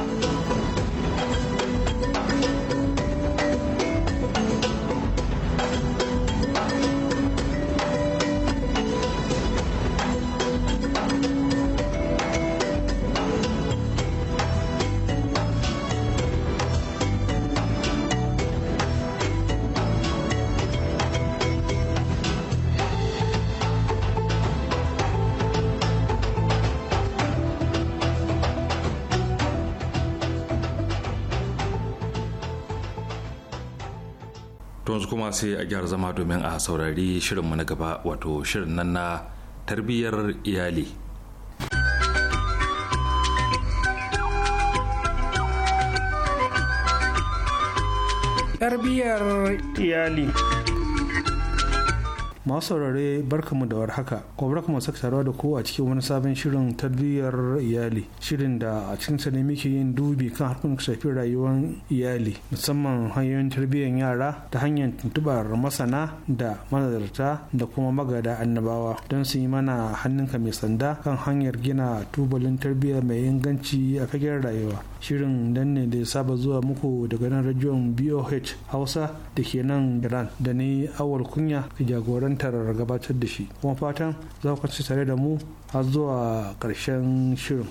sai a gyara zama domin a saurari shirinmu na gaba wato shirin nan na tarbiyyar iyali. Tarbiyyar iyali. masu saurare barkamu da warhaka ko barkamu saka taruwa da ku a cikin wani sabon shirin tarbiyyar iyali shirin da a cikin sa ne muke yin dubi kan harkokin da shafi rayuwar iyali musamman hanyoyin tarbiyyar yara ta hanyar tuntubar masana da manazarta da kuma magada annabawa don su yi mana hannunka mai sanda kan hanyar gina tubalin tarbiyya mai inganci a fagen rayuwa shirin dan ne da ya saba zuwa muku daga nan rajiyon boh hausa da ke nan iran da ni awal kunya ke jagorantar gabatar da shi kuma fatan za ku kasance tare da mu har zuwa karshen shirin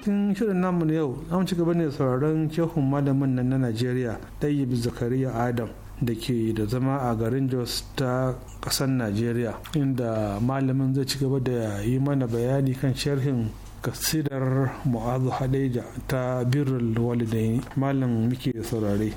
cikin shirin namu na yau zamu ci gaba ne sauraron cehun malamin nan na najeriya dayyib zakariya adam da ke da zama a garin jos ta kasar najeriya inda malamin zai ci gaba da yi mana bayani kan sharhin kasidar mu'azu hadeja ta birrul walidai malam muke saurare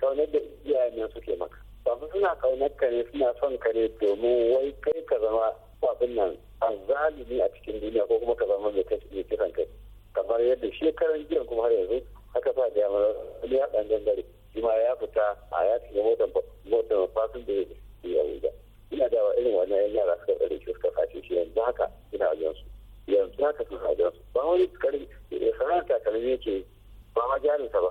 kaunar da iyayen ne suke maka ba suna kaunar ka ne suna son ka ne domin wai kai ka zama abin nan zalimi a cikin duniya ko kuma ka zama mai kiran kai kamar yadda shekaran jiya kuma har yanzu aka sa da yamma wani ya ɗan gangare shi ma ya fita a ya cika motar motar fasin da ya yi da ina da wa irin wannan yan yara suka tsare shi suka fashe shi yanzu haka ina wajen yanzu haka suna wajen su ba wani karin eh, sanar takalmi yake ba ma jarinsa ba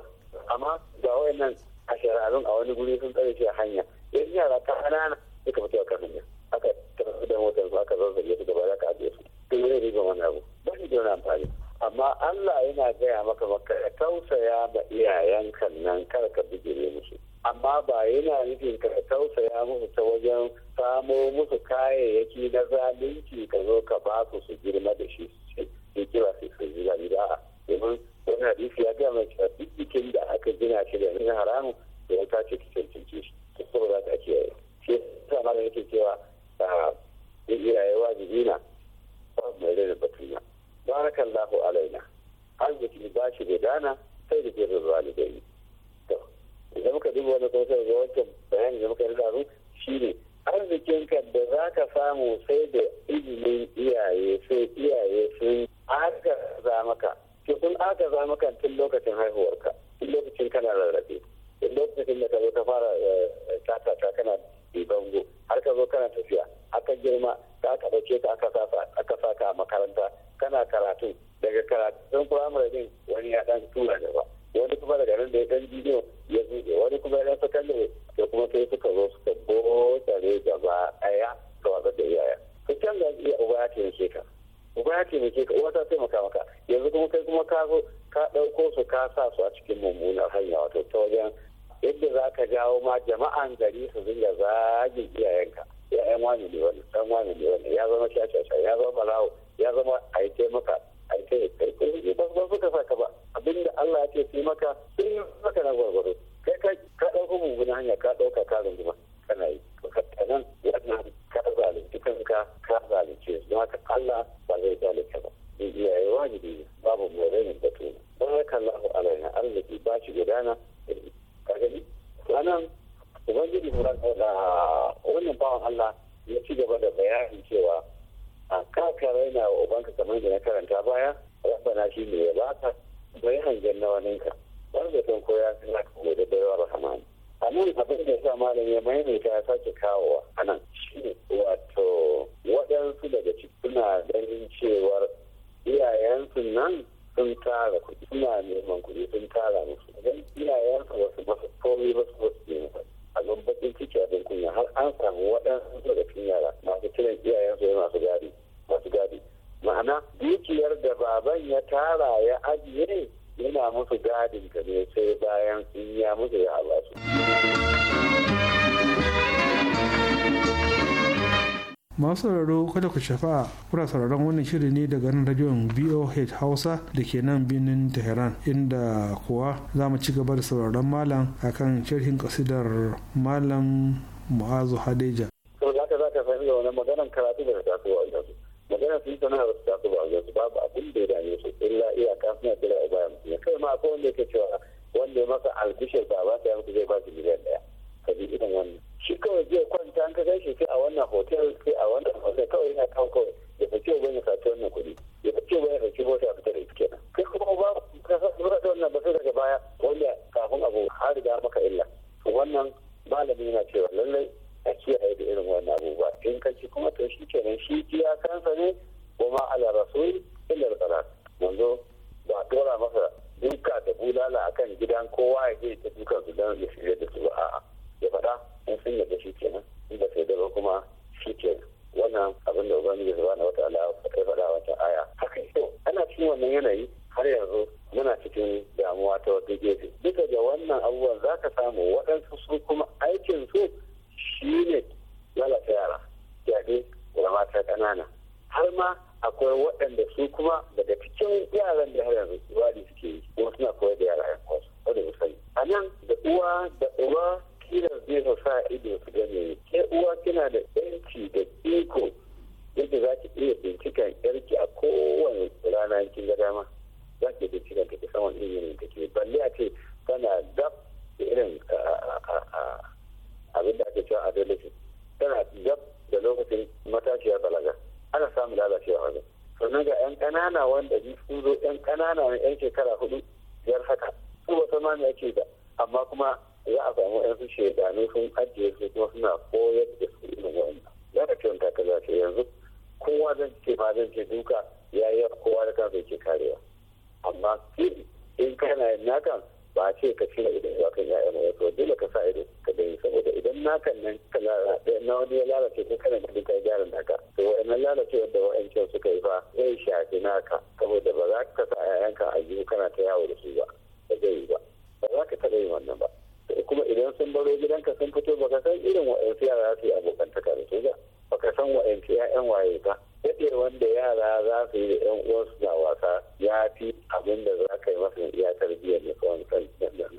amma ga wayannan a shirarun a wani guri sun tsare shi a hanya yanzu yara ƙanana suka fito a kan hanya aka tafi da motar su aka zazzage su gaba za ka ajiye su duk yi da wani abu ba shi da wani amfani amma Allah yana gaya maka maka ya tausaya ma iyayen nan kar ka bijire musu amma ba yana nufin ka tausaya musu ta wajen samo musu kayayyaki na zalunci ka zo ka ba su su girma da shi su kira su su ji ba a wani hadisi ya gama shi cewa duk jikin da aka gina shi da nuna haramun da ya kace ta cancanci shi ta za ta ake yi shi ta malam yake cewa yi ah, rayuwa da zina babu mai rana batuna barakallahu alaina arziki ba shi da dana sai da jirin walidai idan muka duba wani kuma sai da wancan bayani da muka rika ru shi ne arzikinka da za ka samu sai da izinin iyaye sai iyaye sun aka za maka to sun aka za maka tun lokacin haihuwarka tun lokacin kana rarrafe tun lokacin da ka zo ka fara eh, tata ta kana bango har ka zo kana tafiya aka girma ka aka ɗauke ka aka sa ka a makaranta kana karatu daga karatun firamare din wani ya ɗan tura gaba wani kuma daga nan da ya ɗan bidiyo ya zuɗe wani kuma ya ɗan sakandare da kuma sai suka zo suka bo tare gaba ɗaya ga watsar da iyayen. Kusan da iya uba ya taimake ka. ba ya taimake ka uwa ta taimaka maka yanzu kuma kai kuma ka zo ka ɗauko su ka sa su a cikin mummunar hanya wato ta wajen yadda za ka jawo ma jama'an gari su dinga zagin iyayenka ya'yan wani ne wani ɗan wani ne wani ya zama shashasha ya zama balawo ya zama a yi taimaka a yi taimaka ba su suka saka ba abinda Allah ya ce su maka sun yi maka na gwargwaro kai ka ɗauko mummunar hanya ka ɗauka ka runguma kana yi ka nan wannan ka zalunci kanka ka zalunci su don haka Allah ba zai zalunci ba zai iyaye wajibi babu more ne da tuna don haka Allah alaina arziki ba shi gudana ka gani sanan ubangiji da wannan bawan Allah ya ci gaba da bayanin cewa a kaka raina wa ubanka kamar da na karanta baya rabbana shi ne ya baka bai hangen na waninka wanda tun koya suna kawo da baiwa rahamani a nan abin da sa malam ya maimaita ya sake kawowa a nan wato waɗansu daga ciki suna ganin cewar iyayensu nan sun tara kuɗi suna neman kuɗi sun tara musu idan iyayensu wasu ba su komai ba su wasu ne a nan bakin ciki abin kunya har an samu waɗansu daga cikin yara masu kiran iyayensu ya masu gadi masu gadi ma'ana dukiyar da baban ya tara ya ajiye yana musu gadin ka ne sai bayan sun ya musu ya ba su. masu sauraro kada ku shafa kuna sauraron wannan shiri ne daga nan radiyon boh hausa da ke nan birnin tehran inda kuwa za mu ci gaba da sauraron malam akan sharhin kasidar malam mu'azu hadeja. za ta za ta fahimta wani maganar karatu da ta tasowa a magana sun tana ba su taso ba wasu su babu abin da ya dame su illa iyaka suna kira a bayan mutum kai ma akwai wanda ce cewa wanda ya masa albishir ba ba ta yi mutu zai zai shafi naka saboda ba za ka sa 'ya'yanka a jihu kana ta yawo da su ba ba zai yi ba ba za ka taɓa yin wannan ba kuma idan sun baro gidanka sun fito baka san irin wa'yansu yara su yi abokantaka da su ba baka san wa'yansu 'ya'yan waye ba daɗe wanda yara za su yi da 'yan uwansu na wasa ya fi abin da za ka yi masa ya tarbiyyar na tsawon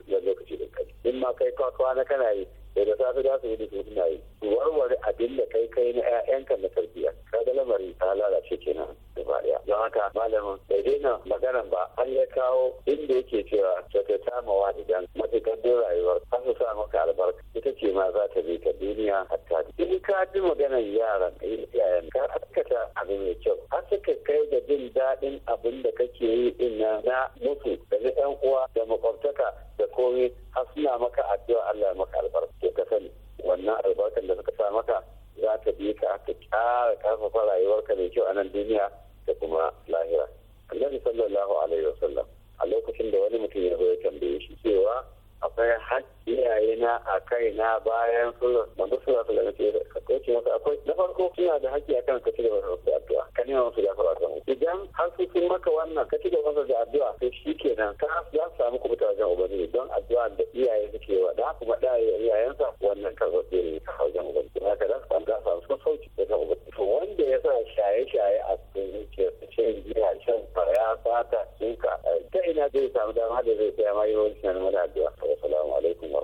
na lokaci da kai in ma kai kwakwa na kana yi da da safe za su yi da su suna yi warware abin da kai kai na 'ya'yanka na tarbiyya ka ga lamarin ta lalace kenan gaba daya don haka malamin bai daina maganan ba an ya kawo inda yake cewa ta ta tama walidan matuƙar don rayuwar har su sa maka albarka ita ce ma za ta bi ta duniya hatta in ka ji maganar yaran iyayen ka aikata abu mai kyau har suka kai da jin daɗin abin da kake yi in na mutu da na ɗan uwa da makwabtaka da komai har suna maka addu'a Allah maka albarka ke ka sani wannan albarkar da suka sa maka za ta bi ka ta ƙara ƙarfafa rayuwarka mai kyau a nan duniya da kuma lahira annabi sallallahu alaihi wasallam a lokacin da wani mutum ya zo ya tambaye shi cewa akwai hajji iyayena a kaina bayan sulhu manzo sulhu da nake ka kace masa akwai na farko suna da haƙƙi akan ka ci gaba da addu'a ka nema musu gafara ta idan har su sun maka wannan ka ci gaba da addu'a to shikenan ka za su samu kubuta wajen ubangiji don addu'a da iyaye suke wa da kuma da iyayen sa wannan karɓaɓɓe ne a wajen ubangiji haka za su samu gafara sun sauki wajen ubangiji to wanda ya sa shaye-shaye a cikin zuciyarsa shan giya shan fara fata suka ta ina zai samu damar da zai tsaya ma yi wani tunanin wani addu'a assalamu alaikum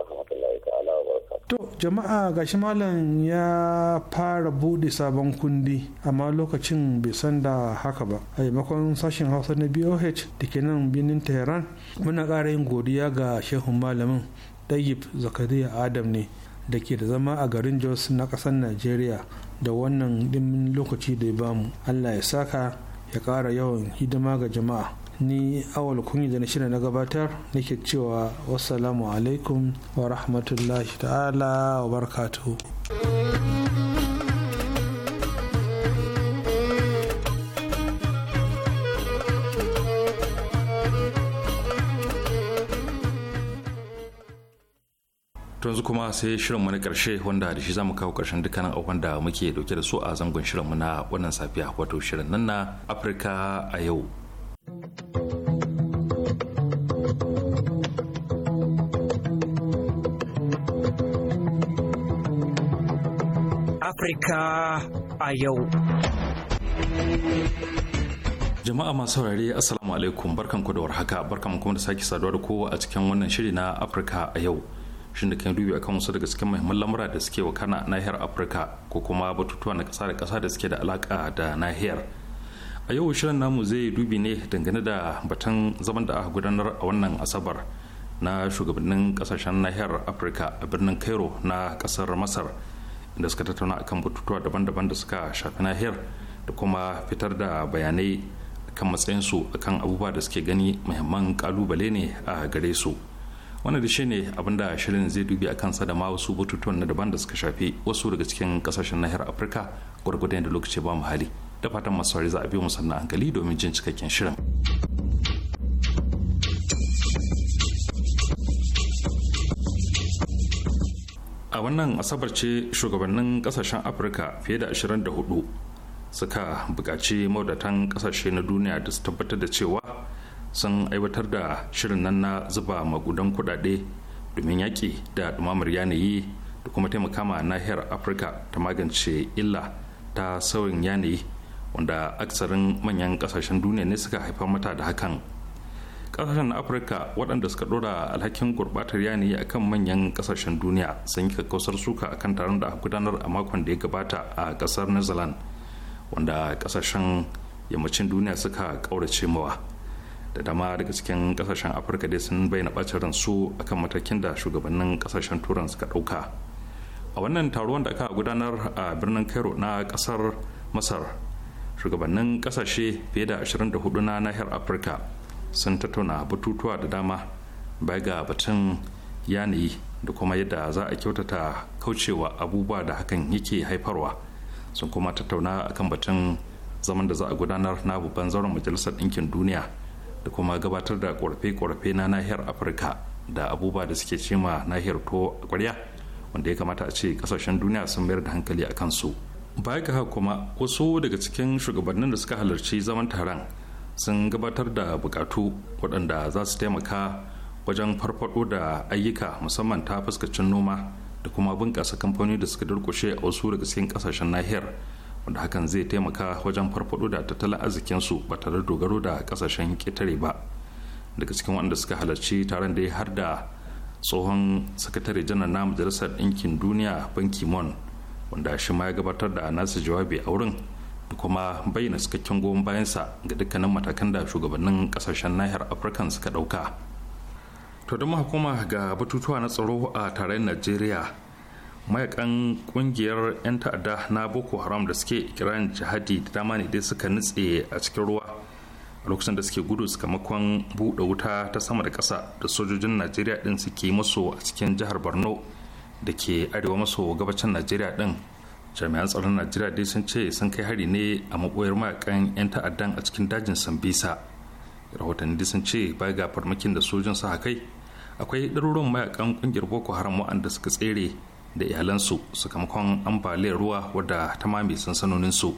to jama'a gashi malam ya fara buɗe sabon kundi amma lokacin bai san da haka ba a maimakon sashen hausa na boh da ke nan birnin tehran muna ƙara yin godiya ga shehu malamin dayib zakariya adam ne da ke da zama a garin jos na ƙasar najeriya da wannan dimmin lokaci da ya bamu allah ya saka ya ƙara yawan hidima ga jama'a ni awal kunyi da na shirya na gabatar nake cewa wassalamu alaikum wa rahmatullahi ta'ala wa barakatuhu yanzu kuma sai shirin na karshe wanda da shi zamu kawo karshen dukkanin abubuwan da muke dauke da su a zangon shirin mu na wannan safiya wato shirin nan na afirka a yau Afirka a yau. Jama'a masu saurare Assalamu alaikum barkanku da warhaka barkan kuma da sake saduwa da kowa a cikin wannan shiri na Afirka a yau. Shin da kan dubi akan wasu daga cikin muhimman lamura da suke wakana nahiyar Afirka ko kuma batutuwa na kasa da kasa da suke da alaka da nahiyar. a yau shirin namu zai dubi ne dangane da batun zaman da aka gudanar a wannan asabar na shugabannin kasashen nahiyar afirka a birnin cairo na kasar masar inda suka tattauna akan batutuwa daban-daban da suka shafi nahiyar da kuma fitar da bayanai kan matsayinsu akan abubuwa da suke gani muhimman kalubale ne a gare su wannan da shine abinda shirin zai dubi akan sa da ma wasu batutuwan na daban da suka shafi wasu daga cikin kasashen nahiyar afirka gwargwadon da lokaci ba mu hali da fatan masu za a bi mu sannan hankali domin jin cikakken shirin a wannan asabar ce shugabannin kasashen afirka fiye da 24 suka buƙaci maudatan kasashe na duniya da su tabbatar da cewa sun aiwatar da shirin nan na zuba magudan kudade domin yaƙi da ɗumamar yanayi da kuma taimaka ma nahiyar afirka ta magance illa ta sauyin yanayi wanda aksarin manyan kasashen duniya ne suka haifar mata da hakan kasashen afirka waɗanda suka ɗora alhakin gurɓatar yanayi a kan manyan kasashen duniya sun yi kakkausar suka akan taron da gudanar a makon da ya gabata a ƙasar netherland wanda ƙasashen yammacin duniya suka ƙaurace mawa da dama daga cikin kasashen afirka dai sun bayyana ɓacin ransu akan matakin da shugabannin ƙasashen turan suka ɗauka a wannan taro wanda aka gudanar a birnin cairo na ƙasar masar shugabannin kasashe fiye da 24 na nahiyar afirka sun tattauna batutuwa da dama bai ga batun yanayi da kuma yadda za a kyautata kaucewa abubuwa da hakan yake haifarwa sun kuma tattauna akan batun zaman da za a gudanar na babban zauren majalisar ɗinkin duniya da kuma gabatar da ƙorafe-ƙorafe na nahiyar afirka da abubuwa da suke cima nahiyar to kwarya wanda ya kamata a ce kasashen duniya sun mayar da hankali a kansu baya ga kuma wasu daga cikin shugabannin da suka halarci zaman taron sun gabatar da bukatu waɗanda za su taimaka wajen farfado da ayyuka musamman ta fuskacin noma da kuma bunƙasa kamfanoni da suka durkushe a wasu daga cikin ƙasashen nahiyar wanda hakan zai taimaka wajen farfado da tattalin arzikinsu ba tare da dogaro da ƙasashen ƙetare ba daga cikin waɗanda suka halarci taron da ya har da tsohon sakatare janar na majalisar ɗinkin duniya ban kimon wanda shi ma ya gabatar da nasa jawabi a wurin da kuma bayyana cikakken goyon bayansa ga dukkanin matakan da shugabannin kasashen nahiyar afirka suka dauka to don hukuma ga batutuwa na tsaro a tarayyar najeriya mayakan kungiyar 'yan ta'adda na boko haram da suke kiran jihadi da dama ne dai suka nutse a cikin ruwa a lokacin da suke gudu sakamakon buɗe wuta ta sama da ƙasa da sojojin najeriya din suke maso a cikin jihar borno da ke arewa maso gabacin najeriya din jami'an tsaron najeriya dai sun ce sun kai hari ne a maboyar mayakan 'yan ta'addan a cikin dajin sambisa rahotanni sun ce baya ga farmakin da sojin haka kai akwai ɗaruruwan mayakan ƙungiyar boko haram waɗanda suka tsere da iyalansu sakamakon ambaliyar ruwa wadda ta mame su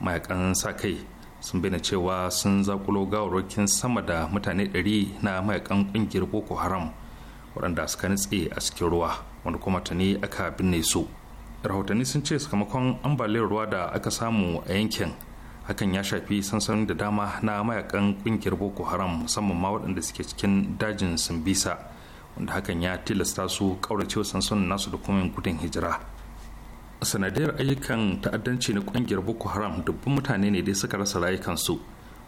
mayakan sa kai sun bayyana cewa sun zakulo gawarwakin sama da mutane 100 na mayakan ƙungiyar boko haram waɗanda suka nutse a cikin ruwa wanda kuma ta ne aka binne su rahotanni sun ce sakamakon ambaliyar ruwa da aka samu a yankin hakan ya shafi sansanin da dama na mayakan kungiyar boko haram musamman ma waɗanda suke cikin dajin simbisa wanda hakan ya tilasta su ƙauracewa sansanin nasu da kuma gudun hijira sanadiyar ayyukan ta'addanci na kungiyar boko haram dubban mutane ne dai suka rasa rayukansu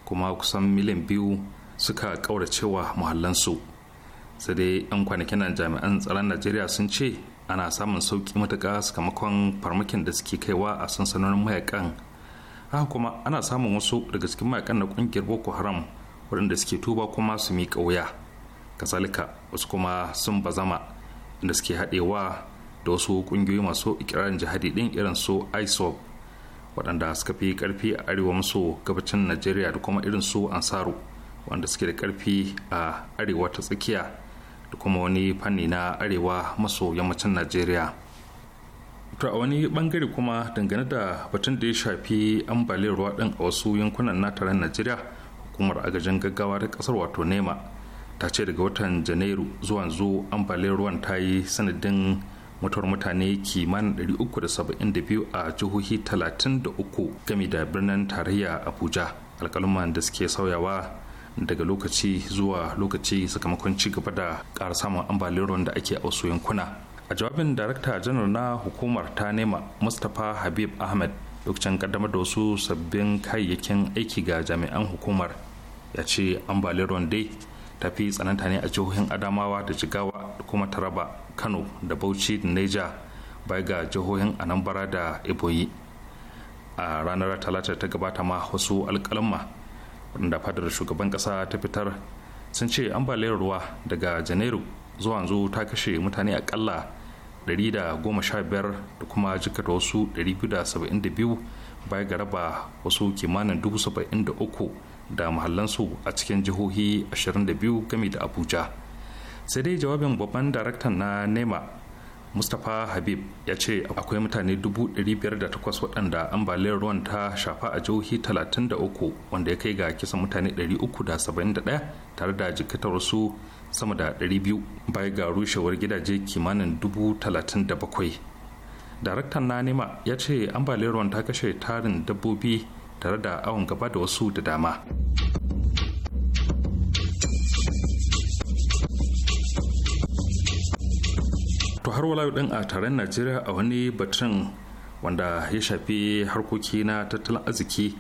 kuma kusan miliyan biyu suka ƙauracewa muhallansu sai dai 'yan kwanakin nan jami'an tsaron najeriya sun ce ana samun sauki matuƙa sakamakon farmakin da suke kaiwa a sansanonin mayakan haka kuma ana samun wasu daga cikin mayakan na ƙungiyar boko haram waɗanda suke tuba kuma su miƙa wuya kasalika wasu kuma sun bazama inda suke haɗewa da wasu ƙungiyoyi masu ikirarin jihadi ɗin irin su isop waɗanda suka fi ƙarfi a arewa maso gabacin najeriya da kuma irin su ansaru wanda suke da ƙarfi a arewa ta tsakiya da kuma wani fanni na arewa maso yammacin najeriya to a wani bangare kuma dangane da batun da ya shafi ambaliyar ruwa din a wasu yankunan na taron najeriya hukumar agajin gaggawa da kasar wato nema ta ce daga watan janairu zuwa zu ambaliyar ruwan ta yi sanadin mutuwar mutane kimanin 372 a jihohi 33 gami da birnin tarayya abuja alkaluman da suke sauyawa daga lokaci zuwa lokaci sakamakon ci gaba da ƙara samun ambaliyar ruwan da ake a wasu yankuna a jawabin darakta janar na hukumar ta nema mustapha habib ahmed lokacin kaddamar da wasu sabbin kayayyakin aiki ga jami'an hukumar ya ce ambaliyar ruwan dai fi tsananta ne a jihohin adamawa da jigawa da kuma taraba kano da bauchi da Niger bai ga jihohin anambra da iboyi a ranar talata ta gabata ma wasu alkalamma wadanda fadar shugaban kasa ta fitar sun ce ambaliyar ruwa daga janairu zuwa yanzu ta kashe mutane akalla 115 da kuma jikata wasu 272 baya ga raba wasu kimanin 73 da mahallansu a cikin jihohi 22 game da abuja sai dai jawabin babban daraktan na nema mustapha habib ya ce akwai mutane 508 waɗanda ambaliyar ruwan ta shafa a jihohi 33 wanda ya kai ga kisan mutane 371 tare da jikitar su sama da 200 baya ga rushewar gidaje kimanin 37,000 daraktan na nema ya ce ambaliyar ruwan ta kashe tarin dabbobi tare da awon gaba da wasu da dama har wala din a taron najeriya a wani batun wanda ya shafi harkoki na tattalin arziki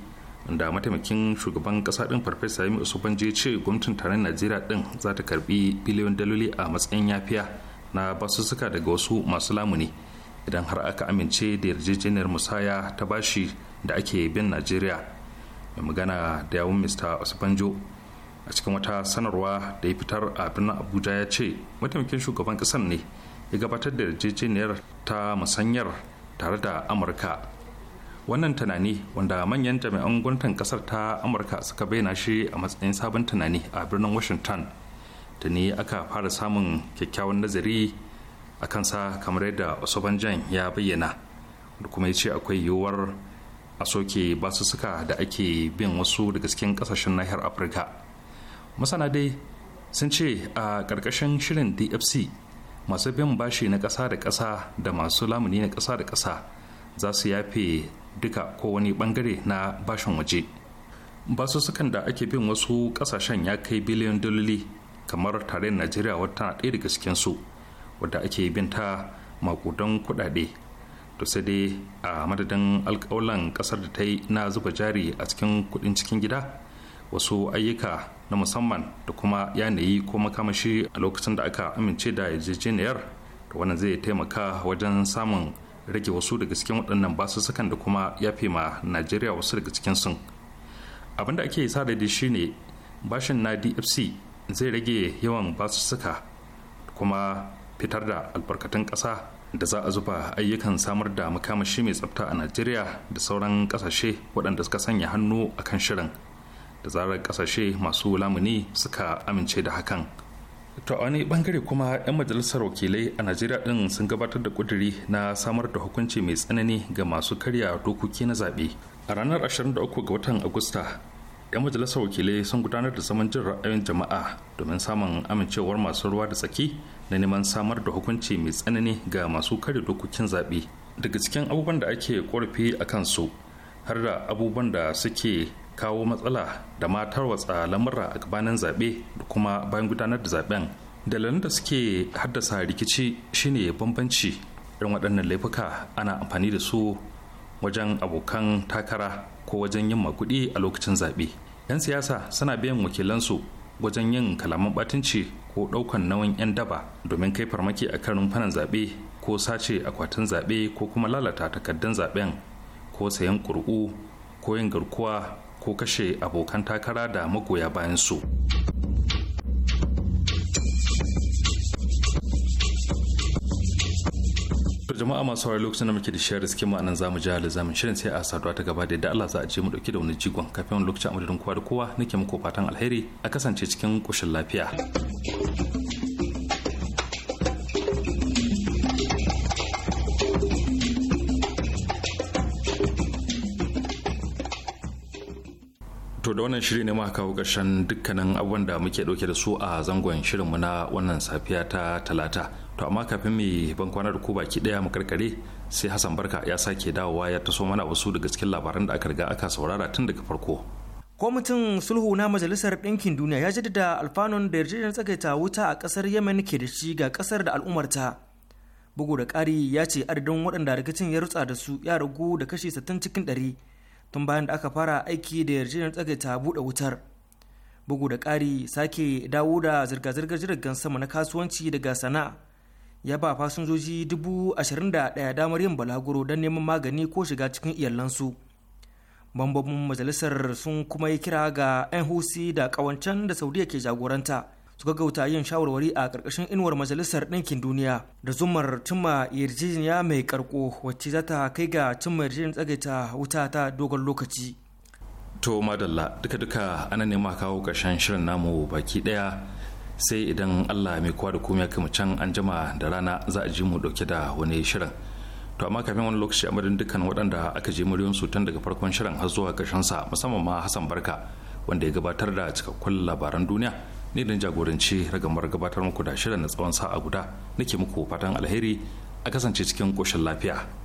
da mataimakin shugaban kasa din farfesa yami ya ce gwamnatin taron najeriya din za ta karbi biliyon daloli a matsayin yafiya na basussuka daga wasu masu lamuni idan har aka amince da yarjejeniyar musaya ta bashi da ake bin najeriya mai magana da yawun mr usubanjo a cikin wata sanarwa da ya fitar a birnin abuja ya ce mataimakin shugaban kasar ne ya gabatar da yarjejeniyar ta musanyar tare da amurka wannan tunani wanda manyan jami'an gwamnatin kasar ta amurka suka bayyana shi a matsayin sabon tunani a birnin washington da ne aka fara samun kyakkyawan nazari a kansa kamar yadda osobanjan ya bayyana da kuma ya ce akwai yiwuwar a soke basussuka da ake bin wasu daga cikin kasashen nahiyar afirka masana dai sun ce a ƙarƙashin shirin dfc masu bin bashi na ƙasa da ƙasa da masu lamuni na ƙasa da ƙasa za su yafe duka ko wani bangare na bashin waje basussukan da ake bin wasu ƙasashen ya kai biliyan dalili kamar tarayyar najeriya wata ɗaya daga cikinsu wadda ake bin ta makudan kuɗaɗe to sai dai a madadin alƙawalan ƙasar da ta yi na zuba jari a cikin kuɗin cikin gida wasu ayyuka na musamman da kuma yanayi ko makamashi a lokacin da aka amince da yarjejeniyar da wannan zai taimaka wajen samun rage wasu daga cikin waɗannan basussukan da kuma yafe ma najeriya wasu daga cikin sun abin da ake sa da shi ne bashin na dfc zai rage yawan basussuka kuma fitar da albarkatun ƙasa da za a zuba ayyukan samar da makamashi mai tsafta a najeriya da sauran ƙasashe waɗanda suka sanya hannu a kan shirin da zarar kasashe masu lamuni suka amince da hakan to a wani bangare kuma 'yan majalisar wakilai a najeriya din sun gabatar da kuduri na samar da hukunci mai tsanani ga masu karya dokoki na zaɓe a ranar 23 ga watan agusta 'yan majalisar wakilai sun gudanar da zaman jin ra'ayin jama'a domin samun amincewar masu ruwa da tsaki na neman samar da hukunci mai tsanani ga masu karya dokokin zaɓe daga cikin abubuwan da ake korafi a kansu har da abubuwan da suke kawo matsala da matar watsa lamurra a gabanin zaɓe da kuma bayan gudanar da zaɓen dalilan da suke haddasa rikici shine bambanci irin waɗannan laifuka ana amfani da su wajen abokan takara ko wajen yin makudi a lokacin zaɓe 'yan siyasa suna biyan wakilansu wajen yin kalaman batunci ko ɗaukan nauyin 'yan daba domin kai farmaki a kan rumfanan zaɓe ko sace akwatin zaɓe ko kuma lalata takardun zaɓen ko sayan ƙuri'u ko yin garkuwa ko kashe abokan takara da magoya bayan su. jama'a masu wari lokacin da muke da shirin suke mu anan zamu ji zamu shirin sai a saduwa ta gaba da yadda Allah za a ce mu dauki da wani jigon kafin wani lokacin amurin kowa da kowa nake muku fatan alheri a kasance cikin koshin lafiya. to da wannan shiri ne muka kawo ƙarshen dukkanin abubuwan da muke ɗauke da su a zangon shirinmu na wannan safiya ta talata to amma kafin mai ban kwana da ku baki ɗaya mu karkare sai hassan barka ya sake dawowa ya taso mana wasu daga cikin labaran da aka riga aka saurara tun daga farko kwamitin sulhu na majalisar ɗinkin duniya ya jaddada alfanun da yarjejeniyar tsakaita wuta a kasar yemen ke da shi ga kasar da al'ummarta bugu da ƙari ya ce adadin waɗanda rikicin ya rutsa da su ya ragu da kashi 60 cikin ɗari. tun bayan da aka fara aiki da yarjejeniyar tsagaita buɗe wutar bugu da ƙari sake dawo da zirga-zirgar jiragen sama na kasuwanci daga sana'a ya ba fasinjoji dubu ashirin da ɗaya damar yin balaguro don neman magani ko shiga cikin iyalansu bambam majalisar sun kuma yi kira ga nhc da ƙawancen da saudiya ke jagoranta su gaggauta yin shawarwari a ƙarƙashin inuwar majalisar ɗinkin duniya da zumar cimma yarjejeniya mai karko wacce za ta kai ga cimma yarjejeniyar tsagaita wuta ta dogon lokaci. To madalla duka-duka ana nema kawo ƙarshen shirin namu baki ɗaya sai idan Allah mai kowa da komai kuma can an jima da rana za a ji mu ɗauke da wani shirin. To amma kafin wani lokaci a madadin dukkan waɗanda aka je muryoyin su tun daga farkon shirin har zuwa ƙarshen sa musamman ma Hassan Barka wanda ya gabatar da cikakkun labaran duniya ni dan jagoranci ragamar gabatar muku da shirin na tsawon sa'a guda nake muku fatan alheri a kasance cikin koshin lafiya